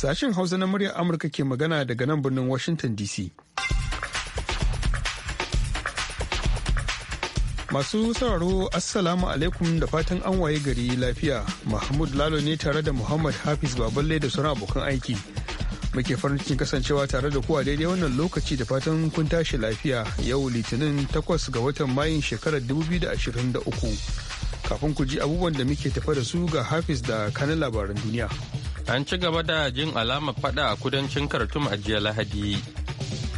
Sashen Hausa na muryar Amurka ke magana daga nan birnin Washington DC. Masu sauraro Assalamu alaikum da fatan an waye gari lafiya. Mahmud Lalo ne tare da Muhammad Hafiz Baballe da sauran abokan aiki. Muke farin cikin kasancewa tare da kuwa daidai wannan lokaci da fatan kun tashi lafiya yau litinin 8 ga watan Mayun shekarar 2023. Kafin ku ji abubuwan da muke tafa da su ga Hafiz da kanin labaran duniya. An ci gaba da jin alamar fada a kudancin Khartoum a jiya Lahadi.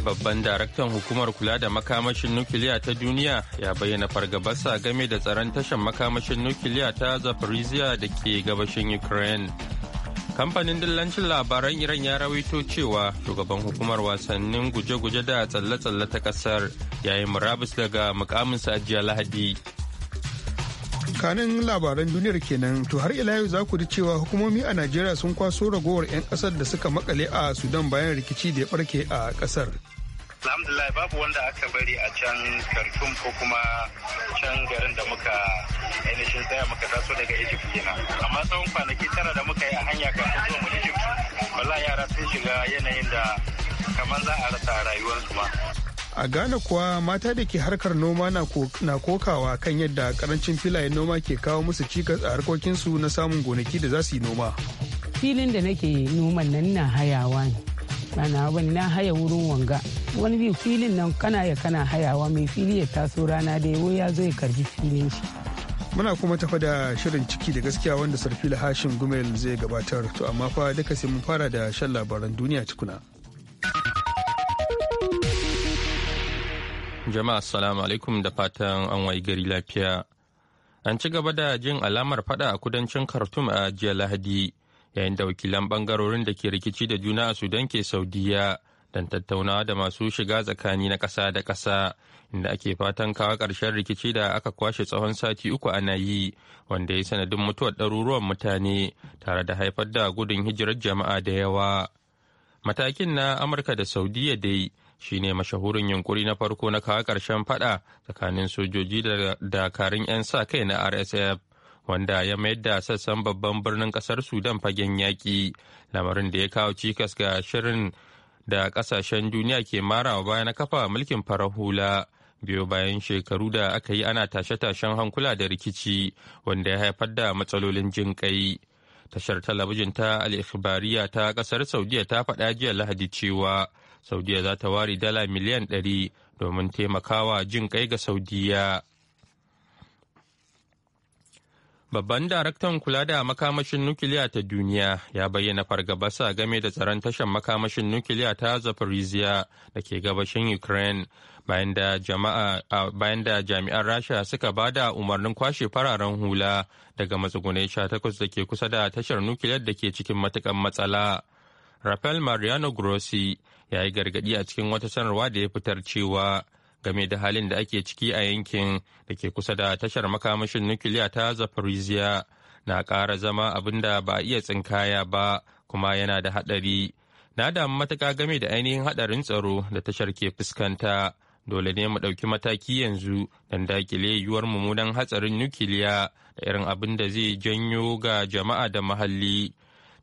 Babban daraktan hukumar kula da makamashin nukiliya ta duniya ya bayyana fargabarsa game da tsaron tashar makamashin nukiliya ta Zaporizhia da ke gabashin Ukraine. Kamfanin dillancin labaran Iran ya rawaito cewa shugaban hukumar wasannin guje-guje da tsalle-tsalle ta kasar yayin murabus daga mukaminsa a jiya Lahadi. kanin labaran duniyar kenan to har ila yau za ku ji cewa hukumomi a najeriya sun kwaso ragowar 'yan kasar da suka makale a sudan bayan rikici da ya barke a kasar alhamdulillah babu wanda aka bari a can kartun ko kuma can garin da muka ainihin tsaya muka taso daga egypt kenan amma tsawon kwanaki tara da muka yi a hanya kafin zuwa mu egypt wala yara sun shiga yanayin da kamar za a rasa rayuwarsu ma a ghana kuwa mata da ke harkar noma na kokawa kan yadda karancin filayen noma ke kawo musu cikas a harkokinsu na samun gonaki da za su yi noma filin da nake noman nan na hayawa ne mana wani na haya wurin wanga wani biyu filin nan kana ya kana hayawa mai fili ya taso rana da yawo ya zo ya karbi filin shi muna kuma tafa da shirin ciki da gaskiya wanda sarfila hashim gumel zai gabatar to amma fa duka sai mun fara da shan labaran duniya tukuna Jama'a assalamu alaikum da fatan an wayi gari lafiya. An ci gaba da jin alamar fada a kudancin Khartoum a jiya Lahadi yayin da wakilan bangarorin da ke rikici da juna a Sudan ke Saudiya don tattaunawa da masu shiga tsakani na ƙasa da ƙasa inda ake fatan kawo ƙarshen rikici da aka kwashe tsawon sati uku ana yi wanda ya sanadin mutuwar ɗaruruwan mutane tare da haifar da gudun hijirar jama'a da yawa. Matakin na Amurka da Saudiya dai shine mashahurin yunkuri na farko na kawo ƙarshen fada tsakanin sojoji da dakarun 'yan sa kai na rsf wanda ya mayar da sassan babban birnin kasar sudan fagen yaƙi lamarin da ya kawo cikas ga shirin da ƙasashen duniya ke marawa baya na kafa mulkin farar hula biyo bayan shekaru da aka yi ana tashe-tashen hankula da rikici wanda ya haifar da matsalolin jin kai tashar talabijin ta al ta ƙasar saudiya ta faɗa jiya lahadi cewa saudiya za ta ware dala miliyan 100 domin taimakawa jin kai ga saudiya Babban daraktan kula da makamashin nukiliya ta duniya ya bayyana fargabarsa game da tsaron tashar makamashin nukiliya ta zafirizia da ke gabashin Ukraine bayan da jami'an Rasha suka ba da umarnin kwashe fararen hula daga matsugunai 18 da ke kusa da tashar nukiliyar da ke cikin matukan matsala. Rafael Mariano Grossi ya yi gargaɗi a cikin wata sanarwa da ya fitar cewa game da halin da ake ciki a yankin da ke kusa da tashar makamashin nukiliya ta zaporizhia na ƙara zama abin da ba a iya tsinkaya ba kuma yana da haɗari na damu matuka game da ainihin haɗarin tsaro da tashar ke fuskanta dole ne mu ɗauki mataki yanzu don dakile yiwuwar mummunan hatsarin nukiliya da irin abin da zai janyo ga jama'a da muhalli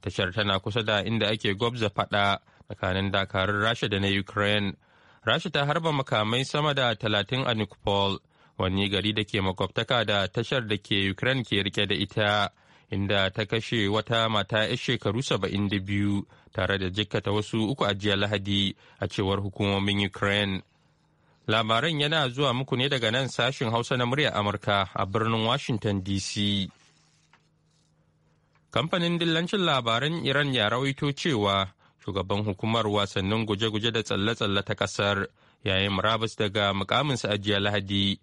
tashar tana kusa da inda ake gwabza faɗa tsakanin dakarun rasha da na ukraine rasha ta harba makamai sama da talatin a nikopol wani gari da ke makwabtaka da tashar da ke ukraine ke rike da ita inda ta kashe wata mata ya shekaru saba'in da biyu tare da jikkata wasu uku a jiya lahadi a cewar hukumomin ukraine labaran yana zuwa muku ne daga nan sashin hausa na murya amurka a birnin washington dc kamfanin dillancin labaran iran ya rawaito cewa shugaban hukumar wasannin guje-guje da tsalle-tsalle ta kasar yayin murabus daga mukaminsa a jiya lahadi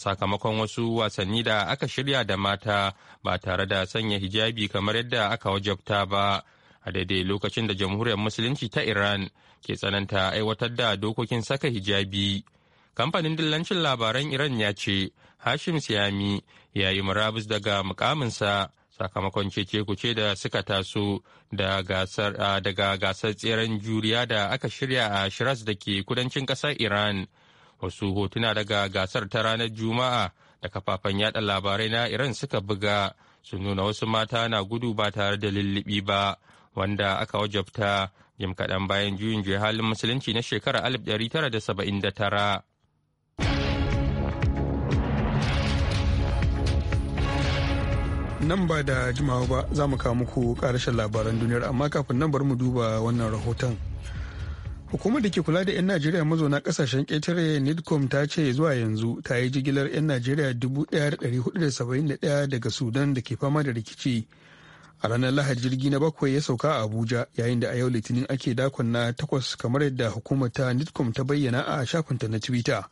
sakamakon wasu wasanni da aka shirya da mata ba tare da sanya hijabi kamar yadda aka wajabta ba a daidai lokacin da jamhuriyar musulunci ta iran ke tsananta aiwatar da dokokin saka hijabi kamfanin dillancin labaran iran ya ce hashim siyami ya yi murabus daga mukaminsa sakamakon cece kuce da suka taso daga gasar tseren juriya da aka shirya a shiraz da ke kudancin kasar iran wasu hotuna daga gasar ta ranar juma'a da kafafen yada labarai na iran suka buga sun nuna wasu mata na gudu ba tare da lullubi ba wanda aka wajabta jim kaɗan bayan juyin halin musulunci na shekarar 1979 nan ba da jimawa ba za mu kawo muku karashen labaran duniyar amma kafin nan bari mu duba wannan rahoton hukumar da ke kula da 'yan najeriya mazauna kasashen ƙetare nidcom ta ce zuwa yanzu ta yi jigilar 'yan najeriya 1471 daga sudan da ke fama da rikici a ranar lahadi jirgi na bakwai ya sauka a abuja yayin da a yau litinin ake dakon na takwas kamar yadda hukumar ta nidcom ta bayyana a shafinta na twitter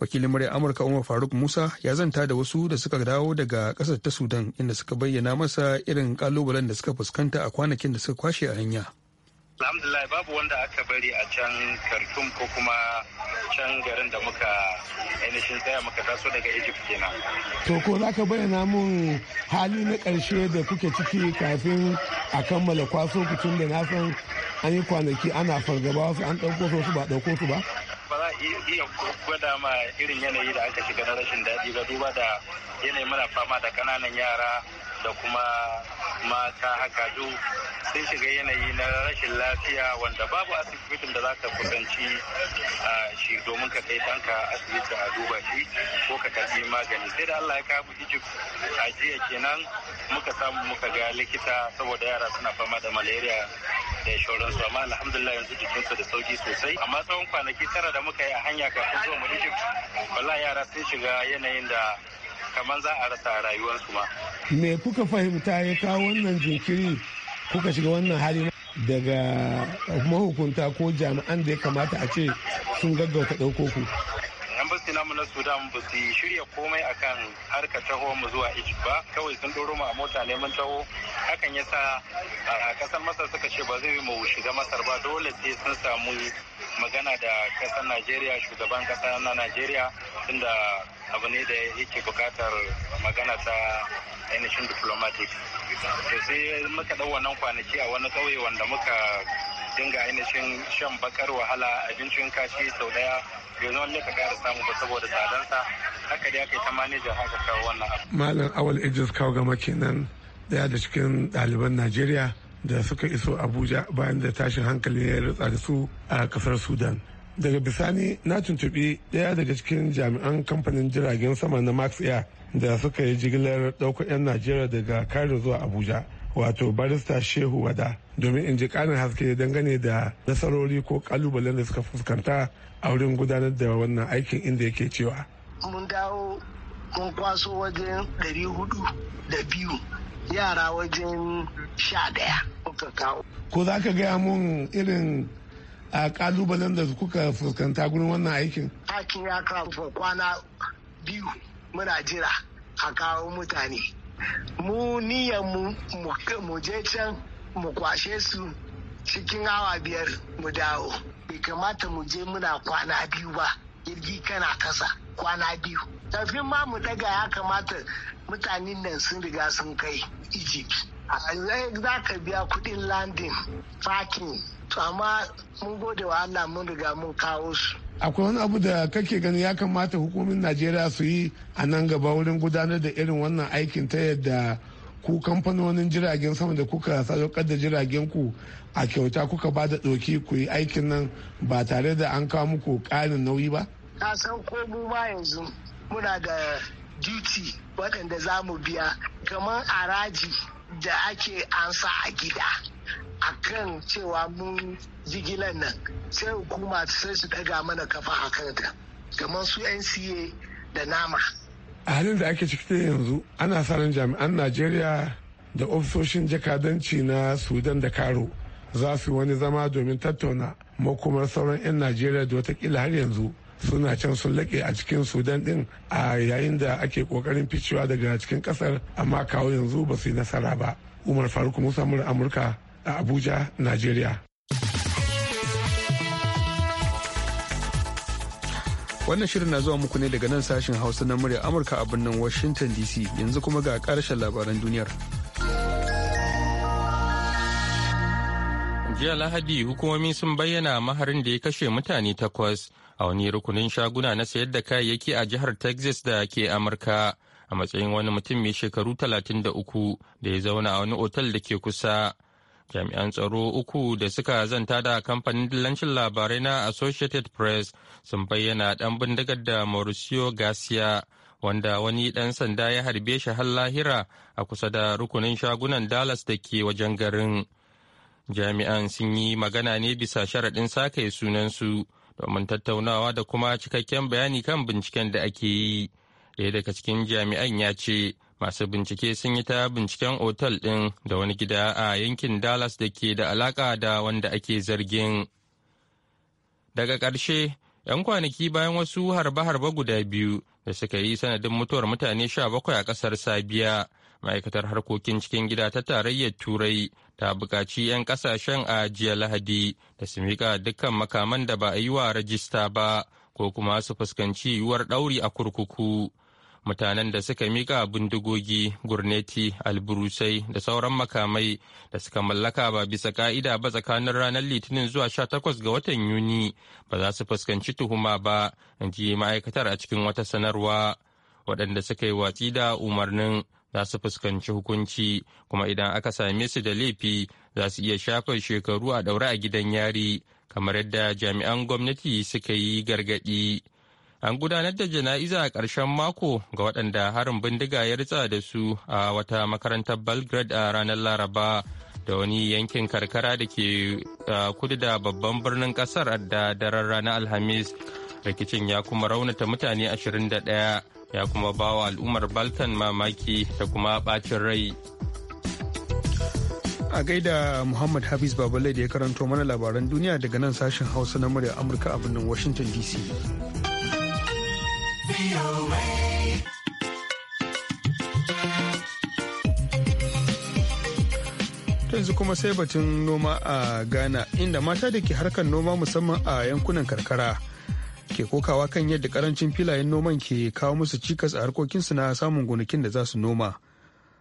wakilin murya amurka umar faruk musa ya zanta da wasu da suka dawo daga kasar ta sudan inda suka bayyana masa irin kalubalen da suka fuskanta a kwanakin da suka kwashe a hanya alhamdulillah babu wanda aka bari a can kartum ko kuma can garin da muka ainihin tsaya muka taso daga egypt kenan to ko za ka bayyana mun hali na karshe da kuke ciki kafin a kammala kwaso kucin da na san an yi kwanaki ana fargaba wasu an ɗauko su ba ɗauko su ba ba za a iya gwada ma irin yanayi da aka shiga na rashin daɗi ba duba da yanayi muna fama da kananan yara da kuma mata haka du sun shiga yanayi na rashin lafiya wanda babu asibitin da za ka kusanci shi domin ka kai tanka asibiti a duba shi ko ka karɓi magani sai da Allah ya kawo Egypt a jiya kenan muka samu muka ga likita saboda yara suna fama da malaria da shauransu amma alhamdulillah yanzu su da sauki sosai amma tsawon kwanaki tara da muka yi a hanya kafin zuwa mu Egypt wallahi yara sun shiga yanayin da kamar za a rasa rayuwarsu ma. Me kuka fahimta ya kawo wannan jinkiri kuka shiga wannan hali daga mahukunta ko jami'an da ya kamata a ce sun gaggauta ɗauko ku? embassy namu na sudan ba su shirya komai akan harkar taho mu zuwa egypt ba kawai sun ɗoro mu a mota neman taho hakan yasa a kasar masar suka ce ba zai mu shiga masar ba dole sai sun samu magana da kasar najeriya shugaban kasar na najeriya tunda abu ne da yake bukatar magana ta ainihin diplomatic sai muka ɗau wannan kwanaki a wani ƙauye wanda muka dinga ainihin shan bakar wahala abincin kashi sau daya yanzu wanda ka kara samu ba saboda tsadansa haka dai aka yi ta manajan haka kawo wannan abu. malam awal idris kawo gama kenan daya da cikin ɗaliban najeriya da suka iso abuja bayan da tashin hankali ya rutsa da su a kasar sudan daga bisani na tuntuɓi ɗaya daga cikin jami'an kamfanin jiragen sama na max air da suka yi jigilar ɗaukar 'yan najeriya daga kare zuwa abuja wato barista shehu wada domin in ji karin haske dangane da nasarori ko kalubalen da suka fuskanta a wurin gudanar da wannan aikin inda yake cewa mun dawo mun kwaso wajen 402 yara wajen 11 kawo ko za ka gaya mun irin a kalubalen da kuka fuskanta gurin wannan aikin aikin ya kwana biyu muna jira a kawo mutane mu niyan mu mu je can mu kwashe su cikin awa biyar mu dawo bai kamata mu je muna kwana biyu ba jirgi kana kasa kwana biyu tafin ma mu daga ya kamata mutanen nan sun riga sun kai egypt eh, za ka biya kudin landing parking to amma mun gode wa Allah mun riga mun kawo su akwai wani abu da kake gani ya kamata hukumin najeriya su yi a nan gaba wurin gudanar da irin wannan aikin ta yadda ku kamfanonin jiragen sama da kuka sadaukar da jiragen ku a kyauta kuka ba da ɗauki ku yi aikin nan ba tare da an kawo muku ƙarin nauyi ba? na san ko mu ma yanzu muna da duty waɗanda za mu biya kamar araji da ake ansa a gida akan cewa mun jigilan nan sai hukuma sai su daga mana kafa a ta kamar su nca da nama a halin da ake cikin yanzu ana sa jami'an najeriya da ofisoshin jakadanci na sudan da karo za su wani zama domin tattauna makomar sauran 'yan najeriya da watakila har yanzu suna can sun laƙe a cikin sudan din a yayin da ake ƙoƙarin ficewa daga cikin ƙasar amma kawo yanzu ba su yi nasara ba umar faruk Musamman amurka a Abuja, Najeriya. Wannan shirin na zuwa muku ne daga nan sashen Hausa na murya Amurka a birnin Washington DC yanzu kuma ga karshen labaran duniyar. Jiya Lahadi hukumomi sun bayyana maharin da ya kashe mutane takwas a wani rukunin shaguna na sayar da kayayyaki a jihar Texas da ke Amurka. a matsayin wani mutum mai shekaru 33 da ya zauna a wani otal da ke kusa jami'an tsaro uku da suka zanta da kamfanin dillancin labarai na associated press sun bayyana dan bindigar da mauricio garcia wanda wani dan sanda ya harbe shi har lahira a kusa da rukunin shagunan dallas da ke wajen garin jami'an sun yi magana ne bisa sharaɗin sake sunansu domin tattaunawa da kuma cikakken bayani kan binciken da ake yi ɗaya daga cikin jami'an ya ce masu bincike sun yi ta binciken otal ɗin da wani gida a yankin dallas da ke da alaƙa da wanda ake zargin daga ƙarshe 'yan kwanaki bayan wasu harbe-harbe guda biyu da suka yi sanadin mutuwar mutane 17 a ƙasar sabiya ma'aikatar harkokin cikin gida ta tarayyar turai ta bukaci 'yan ƙasashen a jiya lahadi da su miƙa dukkan makaman da ba a yi wa rajista ba ko kuma su fuskanci yiwuwar ɗauri a kurkuku mutanen da suka mika bindigogi gurneti alburusai da sauran makamai da suka mallaka ba bisa ka'ida ba tsakanin ranar litinin zuwa sha takwas ga watan yuni ba za su fuskanci tuhuma ba in ji ma'aikatar a cikin wata sanarwa waɗanda suka yi watsi da umarnin za su fuskanci hukunci kuma idan aka same su da laifi za su iya shafa shekaru a ɗaure a gidan yari kamar yadda jami'an gwamnati suka yi gargaɗi. An gudanar da jana'iza a ƙarshen mako ga waɗanda harin bindiga ya ritsa da su a wata makarantar Belgrade a ranar Laraba da wani yankin karkara da ke kudu da babban birnin kasar da daren ranar Alhamis. Rikicin ya kuma raunata mutane 21 ya kuma bawa al'ummar Balkan mamaki da kuma ɓacin rai. a gaida Muhammad Hafiz Babalai da ya karanto mana labaran duniya daga nan sashen Hausa na murya Amurka a birnin Washington DC. yanzu kuma sai batun noma a ghana inda mata da ke harkar noma musamman a yankunan karkara ke kokawa kan yadda karancin filayen noman ke kawo musu cikas a harkokinsu na samun gonakin da za su noma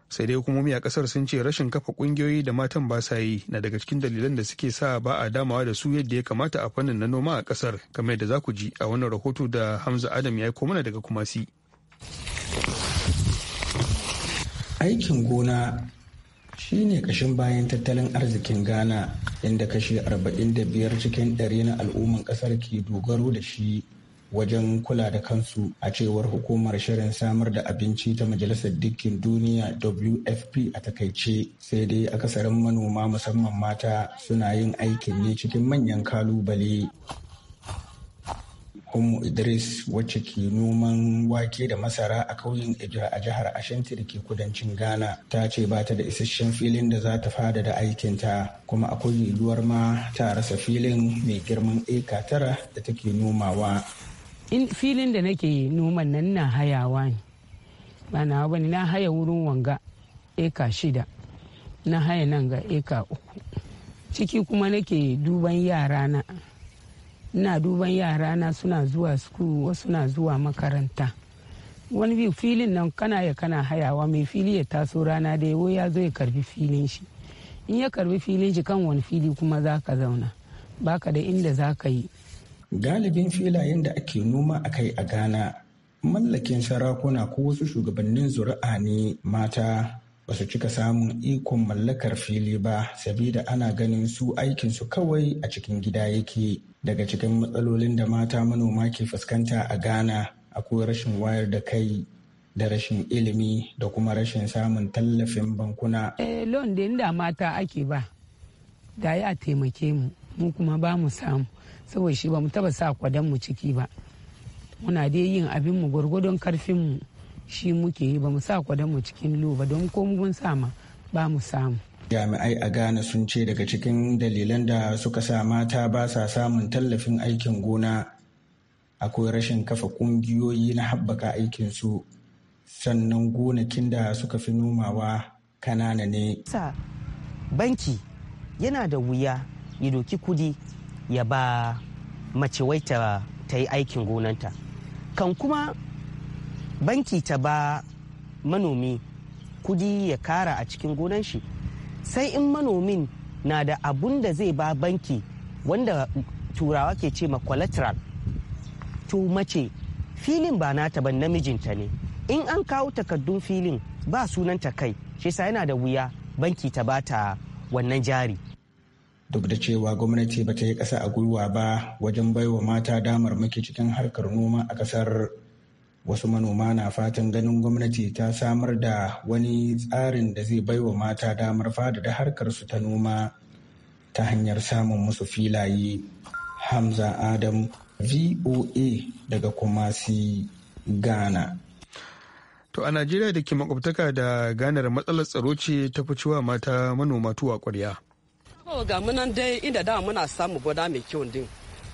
sai dai hukumomi a kasar sun ce rashin kafa kungiyoyi da matan ba sa yi na daga cikin dalilan da suke sa ba a damawa da su yadda ya kamata a fannin na noma a kasar kamar yadda za ku ji a wannan rahoto da hamza adam ya yi mana daga kumasi aikin gona shine kashin bayan tattalin arzikin ghana inda kashi 45 cikin 100 na al'umman kasar ke dogaro da shi wajen kula da kansu a cewar hukumar shirin samar da abinci ta majalisar dukkin duniya wfp a takaice sai dai akasarin manoma musamman mata suna yin aikin ne cikin manyan kalubale homo Idris wacce ke noman wake da masara a kauyen Ejira a jihar Ashanti da ke kudancin Ghana ta ce ba ta da isasshen filin da za ta fada da aikinta kuma akwai yiwuwar ma ta rasa filin mai girman eka tara da take nomawa. filin da nake noman nan na hayawa ne ba na bane na haya wurin wanga eka shida na haya nan ga eka uku ciki kuma nake duban yarana ina duban yarana suna zuwa suku wasu na zuwa makaranta wani biyu filin nan kana ya kana hayawa mai fili ya taso rana da yawo ya zo ya karbi filin shi in ya karbi filin shi kan wani fili kuma za ka zauna baka da inda za ka yi galibin filayen da ake noma a kai a ghana mallakin sarakuna ko wasu shugabannin zuri'a ne mata ba su cika samun ikon mallakar fili ba sabida ana ganin su aikinsu kawai a cikin gida yake daga cikin matsalolin da mata manoma ke fuskanta a ghana akwai rashin wayar da kai da rashin ilimi da kuma rashin samun tallafin bankuna. Eh, lon da mata ake ba da ya taimake mu mu kuma ba mu samu saboda shi ba mu taba sa kwadon mu ciki ba muna dai yin abin mu gwargwadon karfin mu shi muke yi ba mu sa kwadon mu cikin lo ba don ko mun sama ba mu samu jami'ai a ghana sun ce daga cikin dalilan da suka sa mata ba sa samun tallafin aikin gona akwai rashin kafa kungiyoyi na haɓaka aikinsu sannan gonakin da suka fi nomawa kanana ne. banki yana da wuya ya doki kudi ya ba mace wai ta yi aikin gonanta kan kuma banki ta ba manomi kudi ya kara a cikin gonan shi sai in manomin na da abun da zai ba banki wanda turawa ke ce ma collateral to mace filin ba nata ba namijinta ne in an kawo takardun filin ba sunanta kai shi yana da wuya banki ta bata wannan jari duk da cewa gwamnati ba ta yi ƙasa a gwiwa ba wajen baiwa mata damar maki cikin harkar noma a ƙasar wasu manoma na fatan ganin gwamnati ta samar da wani tsarin da zai baiwa mata damar fadada harkar su ta noma ta hanyar samun musu filaye hamza adam voa daga kumasi ghana To a Najeriya da ke makwabtaka da ganar matsalar tsaro ce ta fi cewa mata manoma tuwa ƙwarya. ga munan dai inda da muna samu gona mai kyau din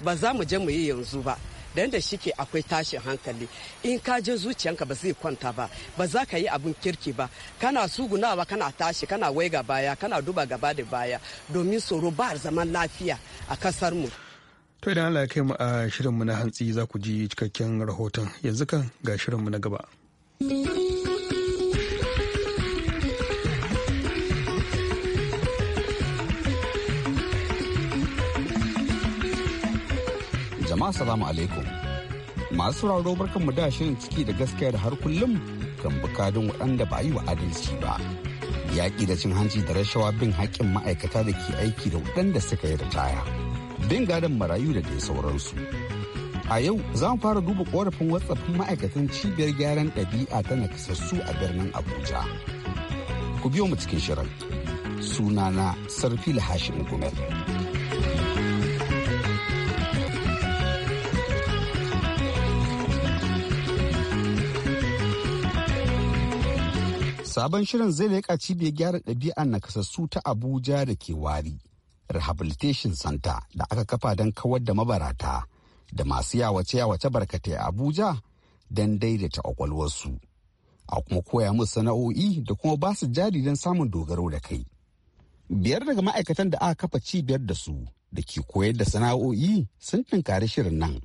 ba za mu je mu yi yanzu ba da yadda shike akwai tashin hankali in ka je zuciyanka ba zai kwanta ba ba za ka yi abin kirki ba kana sugunawa kana tashi kana waiga baya kana duba gaba da baya domin tsoro ba zaman lafiya a kasar mu to idan Allah ya kai mu a shirin mu na hantsi za ku ji cikakken rahoton yanzu kan ga mu na gaba jama'a salamu alaikum masu sauraro barkan mu da shirin ciki da gaskiya da har kullum kan bukadin waɗanda ba yi wa adalci ba yaƙi da cin hanci da rashawa bin haƙƙin ma'aikata da ke aiki da waɗanda suka yi ritaya bin gadon marayu da dai sauransu a yau za mu fara duba ƙorafin watsafin ma'aikatan cibiyar gyaran ɗabi'a ta nakasassu a birnin abuja ku biyo mu cikin shirin sunana sarfil hashim gumel Sabon shirin zai leƙa cibiyar gyara ɗabi'a nakasassu ta Abuja da ke wari, Rehabilitation Center da aka kafa don kawar da mabarata da masu yawace-yawace barkatai a Abuja don daidaita ƙwaƙwalwarsu. A kuma koya musu sana'o'i da kuma ba su jari don samun dogaro da kai. Biyar daga ma'aikatan da aka kafa cibiyar da su da ke koyar da sana'o'i sun tunkari shirin nan.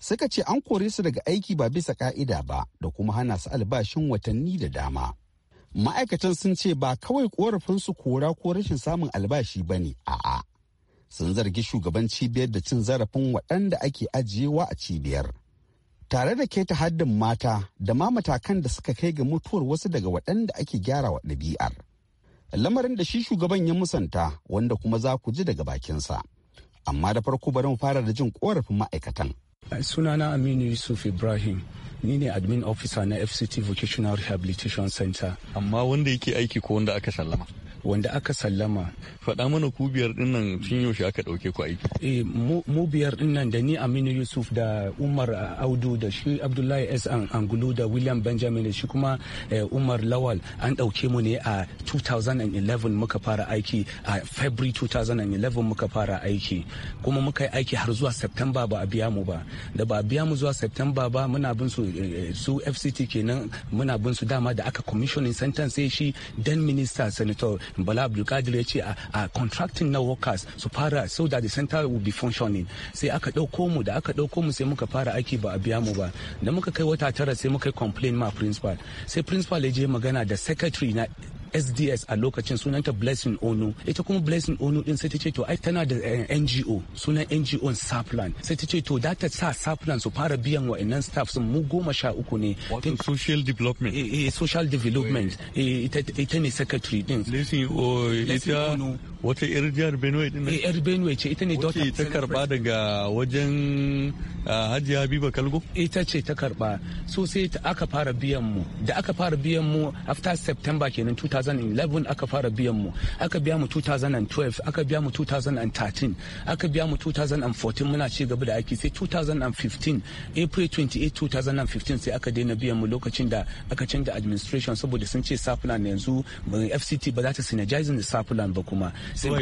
Suka ce an kore su daga aiki ba bisa ka'ida ba da kuma hana su albashin watanni da dama. ma'aikatan sun ce ba kawai korafinsu kora ko rashin samun albashi ba ne a'a sun zargi shugaban cibiyar da cin zarafin waɗanda ake ajiyewa a cibiyar tare da keta haddin mata da ma matakan da suka kai ga mutuwar wasu daga waɗanda ake gyara wa ɗabi'ar lamarin da shi shugaban ya musanta wanda kuma za ku ji daga bakinsa amma da farko bari mu fara da jin korafin ma'aikatan sunana aminu yusuf ibrahim ni ne admin officer na fct vocational rehabilitation center amma wanda yake aiki ko wanda aka sallama wanda aka sallama faɗa mana ku biyar din nan tun yaushe aka ɗauke ku aiki eh mu biyar din nan da ni Aminu Yusuf da Umar Audu da shi Abdullahi S Angulu da William Benjamin da shi kuma eh, Umar Lawal an ɗauke mu ne a 2011 muka fara aiki a February 2011 muka fara aiki kuma muka yi aiki har zuwa September ba a biya mu ba da ba a biya mu zuwa September ba muna bin su eh, eh, su FCT kenan muna bin su dama da aka commissioning sentence shi dan minister senator bala abdulkadir ya ce a contracting na workers su fara so that the center will be functioning sai aka ɗauko mu da aka ɗauko mu sai muka fara aiki ba a biya mu ba da muka kai wata tara sai muka complain ma principal sai principal ya je magana da secretary na sds a lokacin sunanta blessing ono ita kuma blessing ono din sai ta ce to ai tana da eh, ngo sunan ngo saplan sai ta ce to da ta sa saplan su fara biyan wa'annan staff sun mu goma sha uku ne social development eh, eh, social development eh, ita, ita ne secretary din blessing o ita wata yar jihar benue din eh, yar benue ce ita ne daughter ta karba daga wajen ah, hajji habiba kalgo ita ce ta karba so sai aka fara biyan mu da aka fara biyan mu after september kenan 2000 2011 aka fara biyan mu aka biya mu 2012 aka biya mu 2013 aka biya mu 2014 muna ci gaba da aiki sai 2015 april 28 2015 sai aka daina biyan mu lokacin da aka canza administration saboda sun ce saplan yanzu fct ba za ta synergize da saplan ba kuma eh,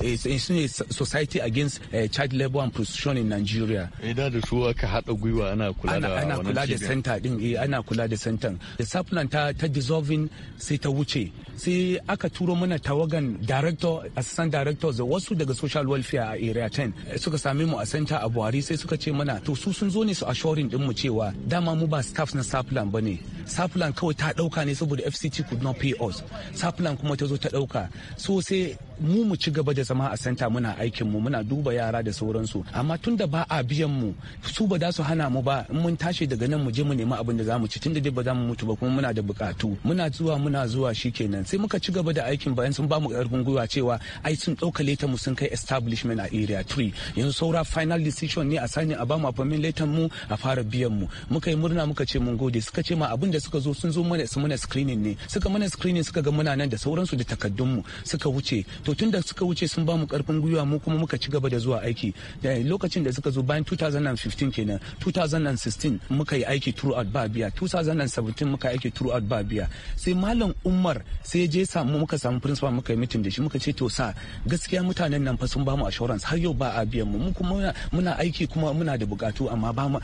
eh, society against eh, child labor and prostitution in nigeria idan da su aka haɗa gwiwa ana kula da ana kula da center din ana kula da center da saplan ta dissolving sai ta wuce sai aka turo mana tawagan director assistant director da wasu daga social welfare a area 10 suka same mu a center a buhari sai suka ce mana to su sun zo ne su assuring din mu cewa dama mu ba staff na saplan bane saplan kawai ta dauka ne saboda fct could not pay us saplan kuma ta zo ta dauka so sai mu mu ci gaba da zama a santa muna aikin mu muna duba yara da sauransu amma tunda da ba a biyan mu su ba za su hana mu ba in mun tashi daga nan mu je mu nemi abin da za mu ci tun da dai ba za mu mutu ba kuma muna da bukatu muna zuwa muna zuwa shikenan sai muka ci gaba da aikin bayan sun ba mu karfin gwiwa cewa ai sun dauka ta mu sun kai establishment a area 3 yanzu saura final decision ne a sani a bamu permit letan mu a fara biyan mu muka yi murna muka ce mun gode suka ce ma abin da suka zo sun zo mana su mana screening ne suka mana screening suka ga muna nan da sauransu da takaddun mu suka wuce to tun da suka wuce sun bamu karfin gwiwa mu kuma muka ci gaba da zuwa aiki da lokacin da suka zo bayan 2015 kenan 2016 muka yi aiki throughout babia 2017 muka aiki throughout babia sai malam umar sai je samu muka samu principal muka yi meeting da shi muka ce to sa gaskiya mutanen nan fa sun bamu assurance har yau ba a biyan mu mu kuma muna aiki kuma muna da bukatu amma ba mu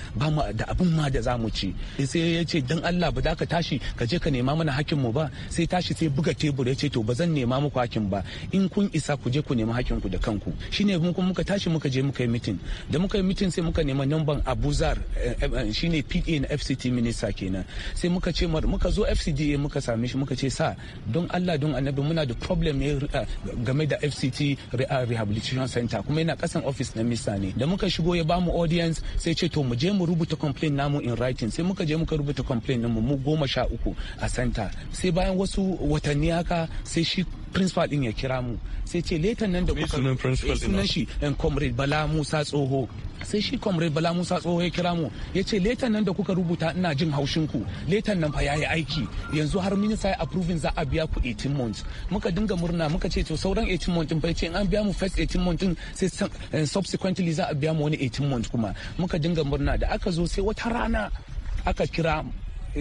da abin ma da zamu ci sai ya ce dan Allah ba za ka tashi ka je ka nema mana hakkin mu ba sai tashi sai buga tebur ya ce to ba zan nema muku hakkin ba in kun isa ku je ku nemi hakkin ku da kanku shine mun kuma muka tashi muka je muka yi meeting da muka yi meeting sai muka nema number abuzar eh, eh, shine PA na FCT minister kenan sai muka ce muka zo FCDA muka same shi muka ce sa don Allah don annabi muna da problem ne eh, game da FCT ah, rehabilitation center kuma yana kasan office na mista ne da muka shigo ya bamu audience sai ce to mu je mu rubuta complaint namu in writing sai muka je muka rubuta complaint namu mu goma sha uku a center sai bayan wasu watanni haka sai shi principal din ya kira mu sai ce letan nan da kuka sunan shi sunan comrade bala musa tsoho sai shi comrade bala musa tsoho ya kira mu ya ce letan nan da kuka rubuta ina jin haushin ku letan nan fa yayi aiki yanzu har minista ya approving za a biya ku 18 months muka dinga murna muka ce to sauran 18 months din fa ce an biya mu first 18 months sai eh, subsequently za a biya mu wani 18 months kuma muka dinga murna da aka zo sai wata rana aka kira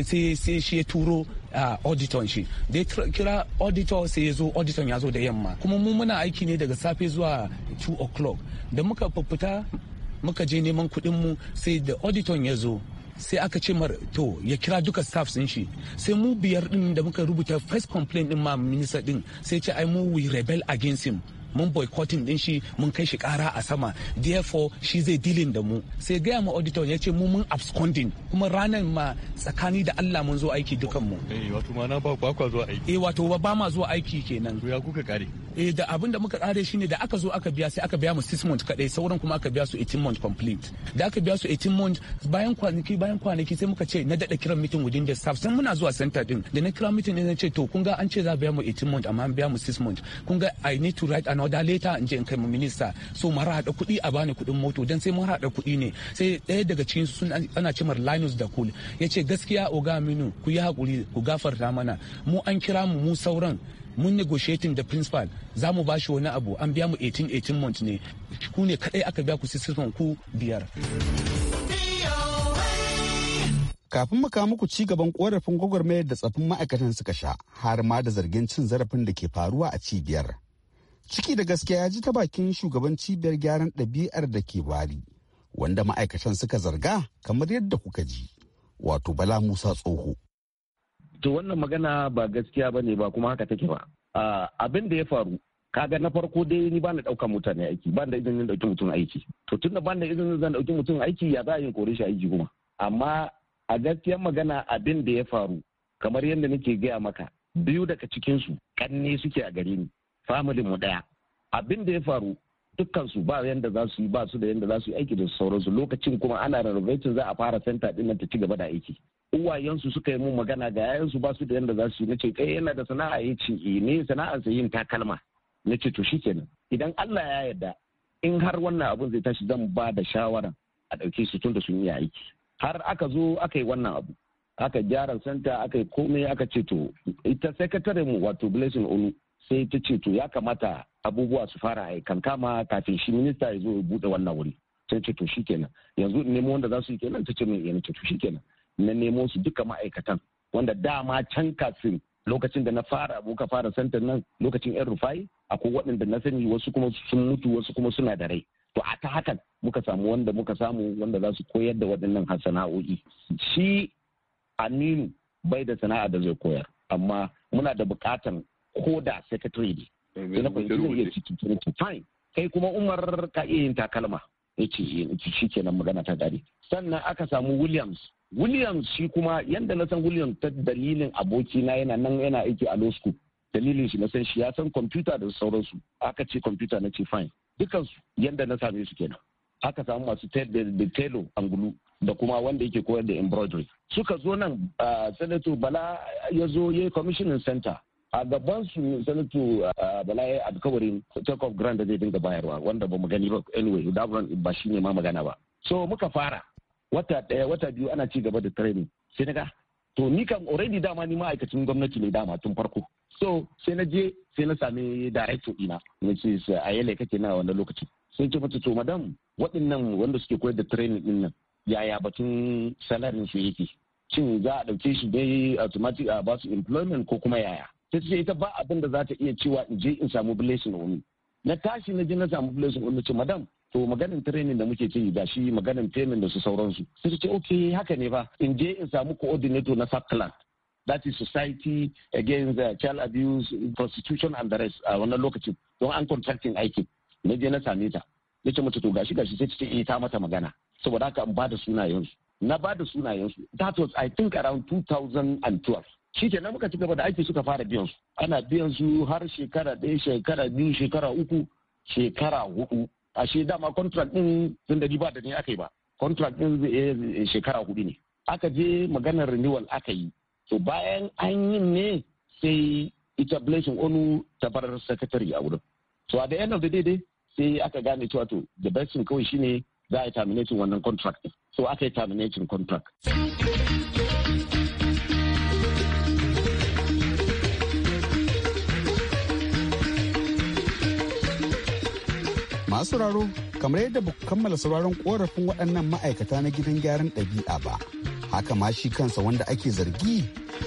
sai shi ya turo ah, auditor shi da ya kira auditor sai ya zo auditor ya zo da yamma kuma mu muna aiki ne daga safe zuwa 2 o'clock da muka fita muka je neman kuɗin mu sai da auditor ya zo sai aka ce mar to ya kira duka staff sun shi sai mu biyar din da muka rubuta first complaint din ma minista din sai ce ai mu we rebel against him mun boycotting din shi mun kai shi kara a sama therefore shi zai dealing da mu sai gaya ma auditor ya ce mu mun absconding kuma ranar ma tsakani da Allah mun zo aiki dukan mu eh wato ma na ba ku kwa zuwa aiki eh wato ba ma zuwa aiki kenan to ya kuka kare eh da abin da muka kare shine da aka zo aka biya sai aka biya mu 6 month kadai sauran kuma aka biya su 18 month complete da aka biya su 18 month bayan kwanaki bayan kwanaki sai muka ce na dada kiran meeting within the staff sai muna zuwa center din da na kira meeting din na ce to kun ga an ce za biya mu 18 month amma an biya mu 6 month kun ga i need to write an da leta in je in kai mu minista so mu hada kudi a bani kudin moto dan sai mun hada kudi ne sai ɗaya daga cikin su ana cimar Linus da Kul yace gaskiya oga minu ku yi hakuri ku gafarta mana mu an kira mu mu sauran mun negotiating da principal za mu bashi wani abu an biya mu 18 18 month ne ku ne kadai aka biya ku sisifan ku biyar kafin mu kawo muku ci gaban korafin gwagwarmayar da tsafin ma'aikatan suka sha har ma da zargin cin zarafin da ke faruwa a cibiyar ciki da gaskiya ya ji ta bakin shugaban cibiyar gyaran ɗabi'ar da ke bari wanda ma'aikatan suka zarga kamar yadda kuka ji wato bala musa tsoho to wannan magana ba gaskiya ba ne ba kuma haka take ba abin da ya faru kaga na farko dai ni bana ɗaukan mutane aiki bana da izinin dauki mutum aiki to tunda bana da izinin zan ɗauki mutum aiki ya za a yin kore shi aiki kuma amma a gaskiyar magana abin da ya faru kamar yadda nake gaya maka biyu daga cikin su kanne suke a gare ni family mu daya abin da ya faru dukkansu ba yanda za su yi ba su da yanda za su yi aiki da sauransu lokacin kuma ana renovating za a fara center din nan ta ci gaba da aiki uwayensu suka yi mun magana ga yayansu ba su da yanda za su yi nace kai yana da sana'a ya ce eh, ne sana'arsa yin takalma nace to shikenan idan Allah ya yarda in har wannan abun zai tashi zan ba da shawara a dauke su tun sun yi aiki har aka zo aka yi wannan abu aka gyara santa aka yi komai aka ce to ita sakatare mu wato blessing olu sai ta ce to ya kamata abubuwa su fara a aikan kama kafin shi minista ya zo ya bude wannan wuri sai ce to shikenan yanzu nemo wanda za su yi kenan ta ce mai yana eh, ce to shikenan na nemo su duka ma'aikatan wanda dama can kafin lokacin da na fara aboka fara santar nan lokacin yan rufai akwai waɗanda na sani wasu kuma sun mutu wasu kuma suna da rai to a ta hakan muka samu wanda muka samu wanda za su koyar da waɗannan sana'o'i shi aminu bai da sana'a da zai koyar amma muna da bukatan. ko da secretary ne eh, na zai iya cikin kai kuma umar ka iya yin takalma ya ce eh, shi kenan magana ta dare sannan aka samu williams williams shi kuma yadda na san williams ta dalilin aboki na yana nan yana aiki a law school dalilin shi na san shi ya san kwamfuta da sauransu aka ce kwamfuta na ce fine dukansu yadda na same su kenan aka samu masu da telo angulu da kuma wanda yake koyar da embroidery suka zo nan ah, senator bala ya zo ya yi commissioning center a gaban su sanato uh, bala alkawarin take of Grand da zai dinga bayarwa wanda ba mu gani ba anyway ba shi ne ma magana ba so muka fara wata daya wata biyu ana ci gaba da training sai naga to ni kan already dama ni ma'aikacin gwamnati ne dama tun farko so sai na je sai na sami director dina na ce a kake na wannan lokaci? sai ce mata to madam waɗannan wanda suke koyar da training din nan yaya batun salarin su yake shin za a ɗauke shi dai automatic a basu employment ko kuma yaya ta ce ita ba abin da za ta iya cewa in je in samu blessing wani na tashi na je na samu blessing wani ce madam to maganin training da muke ciki gashi maganin payment da su sauransu sai ta ce okay haka ne ba in je in samu coordinator na subclass that is society against uh, child abuse prostitution and the rest a wannan lokacin don an contracting aikin na je na same ta ce mata to gashi gashi sai ta ce eh, ta mata magana saboda haka in ba da sunayensu na ba da sunayensu that was i think around 2012 shi ke muka ci gaba da aiki suka fara biyan su ana biyan su har shekara ɗaya shekara biyu shekara uku shekara hudu ashe dama contract ɗin tun da ba da ni aka yi ba contract din shekara hudu ne aka je maganar renewal aka yi to bayan an yi ne sai ita onu ta bar secretary a wurin To at the end of the day sai aka gane cewa to the best thing kawai shine za a yi terminating wannan contract so aka yi terminating contract sauraro kamar yadda ba ku kammala sauraron korafin waɗannan ma'aikata na gidan gyaran ɗabi'a ba haka ma shi kansa wanda ake zargi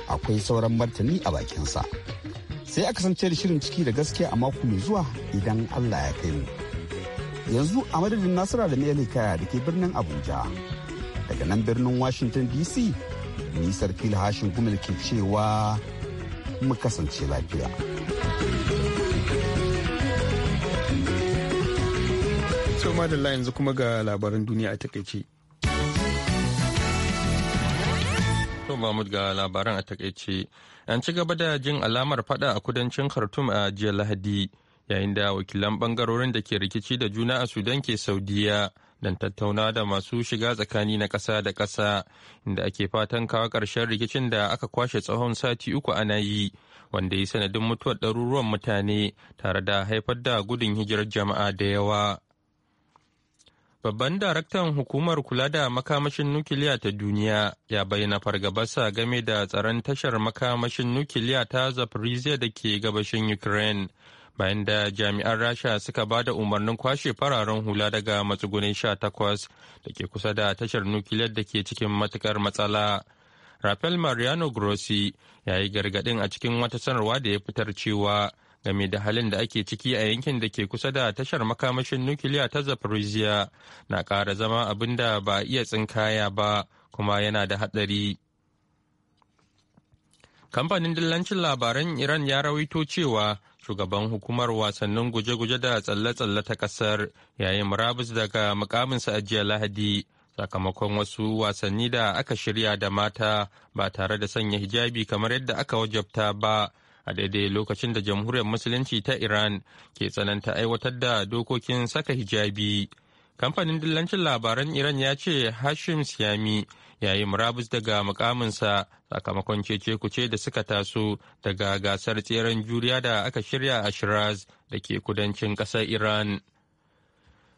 akwai sauran martani a bakinsa sai a kasance da shirin ciki da gaskiya a mako mai zuwa idan allah ya kai mu yanzu a madadin nasara da mai kaya da ke birnin abuja daga nan birnin washington dc nisar fil hashin gumil ke cewa mu kasance lafiya. To madalla yanzu kuma ga labaran duniya a takaice. To Mahmud ga labaran a takaice. An ci gaba da jin alamar fada a kudancin Khartoum a jiya Lahadi yayin da wakilan bangarorin da ke rikici da juna a Sudan ke Saudiya don tattauna da masu shiga tsakani na ƙasa da ƙasa inda ake fatan kawo ƙarshen rikicin da aka kwashe tsawon sati uku ana yi wanda ya sanadin mutuwar ɗaruruwan mutane tare da haifar da gudun hijirar jama'a da yawa. Babban daraktan hukumar kula da makamashin nukiliya ta duniya ya bayyana fargabarsa game da tsaron tashar makamashin nukiliya ta Zaporizhia da ke gabashin Ukraine bayan da jami'an Rasha suka ba da umarnin kwashe fararen hula daga matsugunin takwas da ke kusa da tashar nukiliyar da ke cikin matukar matsala. Rafael Mariano Grossi ya yi gargaɗin a cikin wata sanarwa da ya fitar cewa game da halin da ake ciki a yankin da ke kusa da tashar makamashin nukiliya ta Zaporizhia na kara zama abin da ba a iya tsinkaya ba kuma yana da hatsari. Kamfanin dillancin labaran Iran ya rawaito cewa shugaban hukumar wasannin guje-guje da tsalle-tsalle ta ƙasar yayin murabus daga mukaminsa a jiya Lahadi. sakamakon wasu wasanni da aka shirya da mata ba tare da sanya hijabi kamar yadda aka wajabta ba a daidai lokacin da jamhuriyar musulunci ta iran ke tsananta aiwatar da dokokin saka hijabi kamfanin dillancin labaran iran ya ce hashim siyami ya yi murabus daga mukaminsa sakamakon cece-kuce da suka taso daga gasar tseren juriya da aka shirya a shiraz da ke kudancin ƙasar iran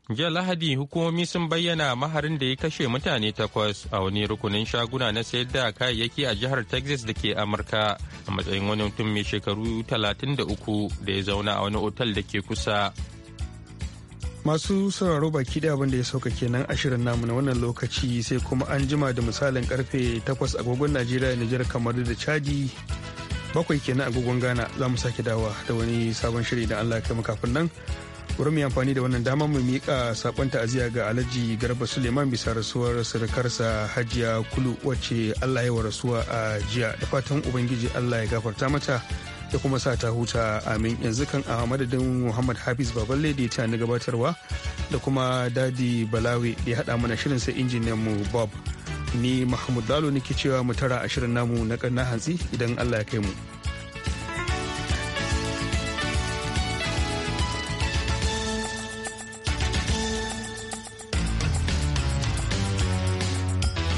jiya lahadi hukumomi sun bayyana maharin da ya kashe mutane takwas a wani rukunin shaguna na sayar da kayayyaki a jihar texas da ke amurka a matsayin wani mutum mai shekaru 33 da ya zauna a wani otal da ke kusa masu sauraro baki da abin da ya sauka kenan ashirin namu na wannan lokaci sai kuma an jima da misalin karfe 8 agogon najeriya nijar kamar da chadi bakwai kenan agogon ghana za mu sake dawa da wani sabon shiri da allah ya kai kafin nan bari mu amfani da wannan damar mu miƙa sakon ta'aziyya ga alhaji garba suleiman bisa rasuwar surukarsa hajiya kulu wacce allah ya wa rasuwa a jiya da fatan ubangiji allah ya gafarta mata da kuma sa ta huta amin yanzu kan a madadin muhammad hafiz baballe da ya ta gabatarwa da kuma dadi balawi ya haɗa mana shirin sai injiniyan mu bob ni mahmud lalo nake cewa mu tara shirin namu na hantsi idan allah ya kai mu.